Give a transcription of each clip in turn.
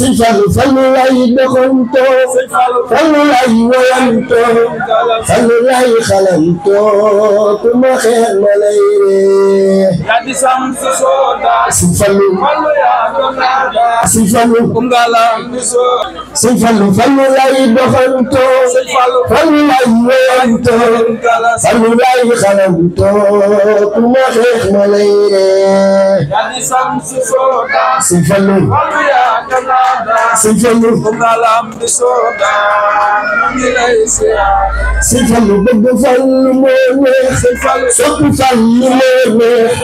sëñ Fallou Fallou laay doxantoo Fallou lay ree sëñ ma lay ree sëñ Fallu ngalam bi soda mu ngi lay siyaar sëñ Fallu bëgg Fallu moo neex sëñ Fallu sopp Fallu moo neex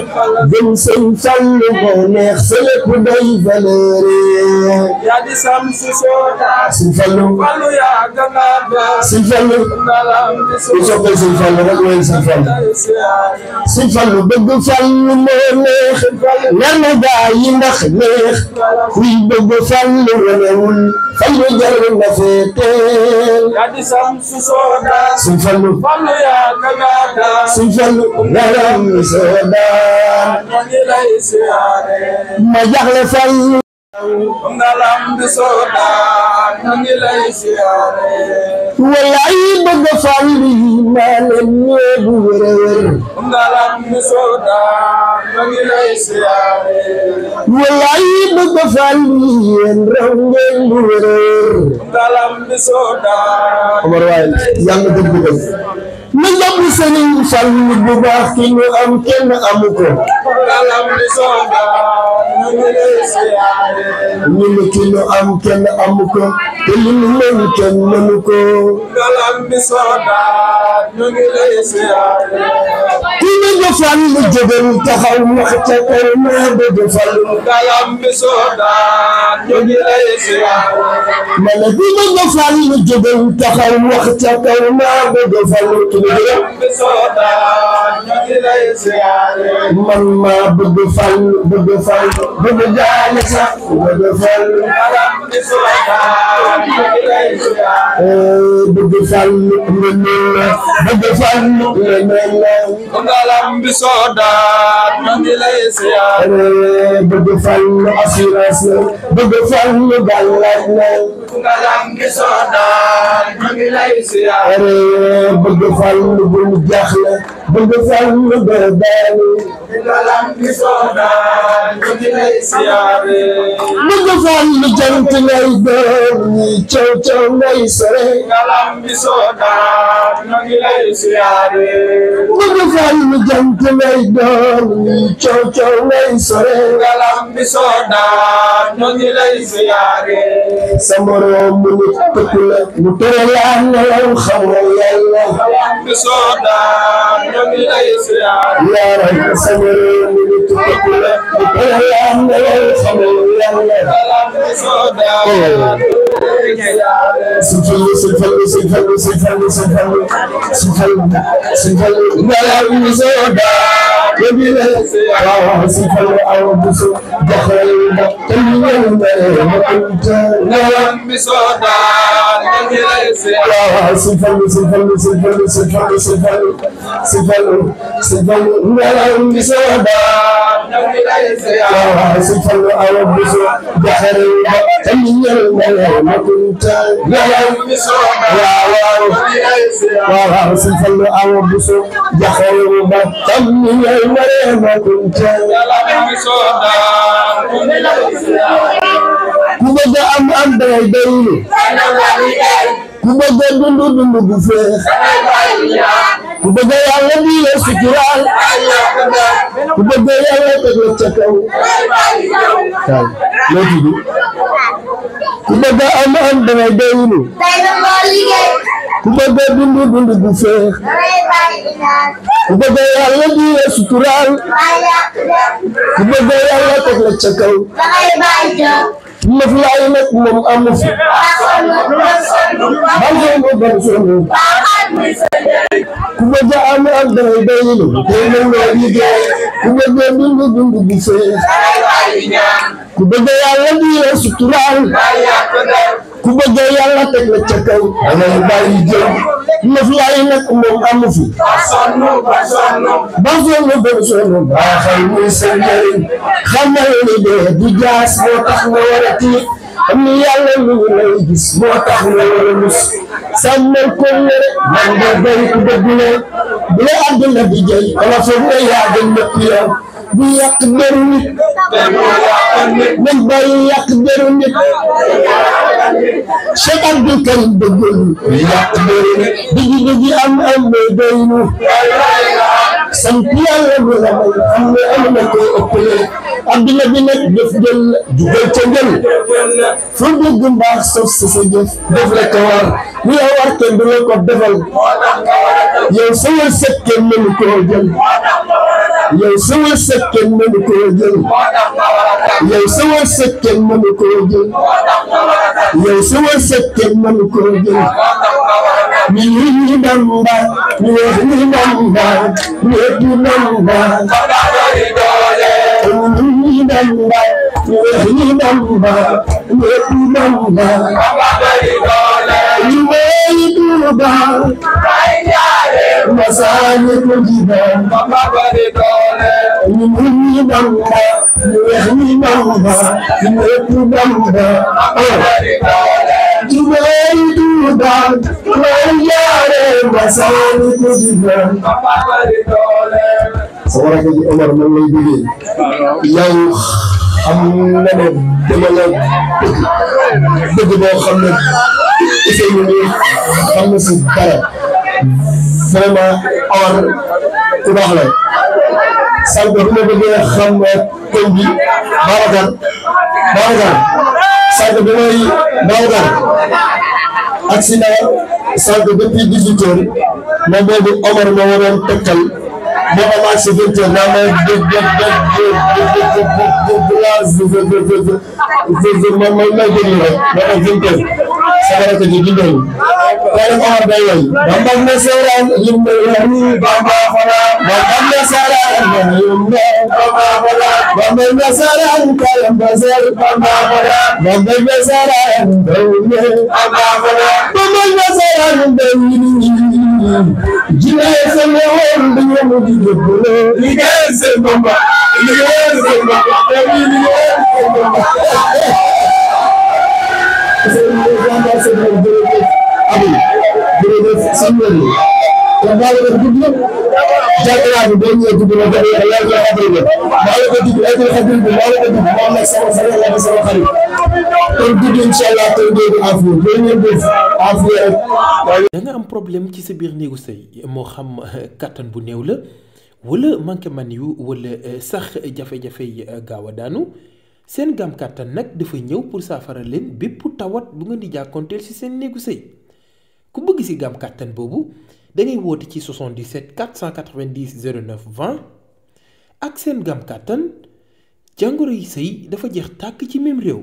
gëm sëñ Fallu moo neex sa lépp day valeur yaa di sam su soda sëñ Fallou sëñ Fallou bu soppee sëñ Fallou rek wéyal sëñ Fallou sëñ Fallou bëgg Fallou moo neex nanu gaa yi ndax neex kuy bëgg Fallou wanewul Fallou jar na feeteel sëñ Fallou sëñ ma jaxle Fallou ngalam bi soodaan ñu ngi lay siyaare wallaay bëgg fal bi maa leen ñëw bu wér wér ngalam bi soodaan ñu ngi lay siyaare wallaay bëgg fal bi yéen raw ngeen bu wér wér ngalam bi soodaan Omar waay yàlla dëgg dëgg mi jàpp Serigne Sall nit bu baax ki am kenn amu ko. ñu ne ki ñu am kenn amu ko mën kenn mënu dina nga fal mu jógelu taxaw wax ca kaw maa bëgg falu galam bi soo daan ñu ngi lay siyaar ma ne dina nga fal mu jógelu taxaw wax ca kaw maa bëgg falu galam bi soo daan ñu ngi lay siyaar man maa bëgg fal bëgg fal bëgg jaani sax bëgg fal galam bi soo daan ñu ngi lay siyaar bëgg fal mën na bëgg fan la mel ko ngalam bi soo daat ma ngi lay siyaar bëgg fan assurance la bëgg fan gàllaaj la ko ngalam bi soo daat ma ngi lay siyaar bëgg fan bu jaaxle bëgg fan berdaani ko ngalam bi soo daat ma ngi lay siyaar bëgg fan jant lay doon ñi caw caw ngay sore ngalam bi soo daat gi lay siyaare bëgg fàllu jant ngay doon coow coow ngay sore ngalam bi soo daan ñoo ngi lay siyaare sa moroom mu nit tëkk la mu tere laa nelaw xamoo yàlla ngalam bi soo daan ñoo ngi lay siyaare yaa rek sa moroom mu nit tëkk la Sifalo, sifalo, sifalo, كواسف الأرض بحريبة اليوم يوم كنت كواسف الأرض بحريبة اليوم يوم كنت كما جاء أم أم بيدين ku bëgg dundu dundu gu feex ku bëgg yàlla di la suturaal la ca kaw loo tudd ku bëgg am am dangay daylu ku bëgg dundu dundu gu feex ku bëgg yàlla di la suturaal la ca lëf laay nag moom amu fi bansoon bu bansoon bu ku bëgg am ak dangay bay lu ku bëgg dund dund bu fees ku bëgg yàlla di la suturaal ku bëgg yàlla teg la ca kaw anay bàyyi jëm nëf laay nag moom amu fi ba sonn ba sonn ba sonn baaxal muy sa njëriñ xamal ni dee du moo tax nga war a tiit am ni yàlla lu ñu lay gis moo tax nga war a mus sàmmal ko lëre man nga bëri ku bëgg la bu la àdduna bi jëy ala foog nga yaa gën nëpp yow bu yàq deru nit nañ bàyyi yàq deru nit Cheikh Abdou Karim bëggul yàq deru nit dëgg dëgg am am doy nu sant yàlla bu la may xam ne am na koy ëppale adduna bi nag def jël jugal ca njël fu dugg mbaax sauf si sa jëf def la ko war lu la war kenn du la ko defal yow sa wërsëg kenn mënu koo jël yow sa wërsëg kenn mënu koo jël yow sa wërsëg kenn mënu koo jël yow sa wërsëg kenn mënu koo jël Niyinamba, Niyinamba, Niyinamba. Niyinamba, Niyinamba, Niyinamba. baax ay ñaare masaani ko jibal mama bari doole ñu mun ñi bamba ñu wex ñi bamba ñu ñëpp bamba mama bari doole jubay duubal ay ñaare masaani ko jibal mama bari doole sama rakk ji Omar man lay bëggee yow xam na ne dama la bëgg bëgg boo xam ne Ousseynou ñun xam na si dara vraiment or ku baax la sànq bu ma bëggee xam koñ bi Babacar Babacar sànq bi may Babacar accident sànq depuis dix-huit heures ma boobu Omar ma waroon tëkkal ba am ak sa vingt heures naa ma dégg dégg dégg dégg dégg sabaraka jibinai wani kawar bayan bambam bamba fara bambam na sara bamba fara bambam na sara bamba fara bambam na sara bamba fara bambam na sara dauni jina ya sama wanda ya mutu da bolo liga ya sama bamba liga ya sama Aliou jërëjëf am problème ci sa biir néegu sëy moo xam euh, kattan bu néew la wala manqué man yu wala euh, sax jafe-jafe yi euh, gaaw a daanu. seen gam kàttan nag dafa ñëw pour saafara leen bépp tawat bu ngeen di jàkkoonteel ci seen néegu sëy ku bëgg si gam kàttan boobu da ngay woote ci 77 490 09 20 ak seen gam kàttan jàngoro yi sëy dafa jeex tàkk ci même réew.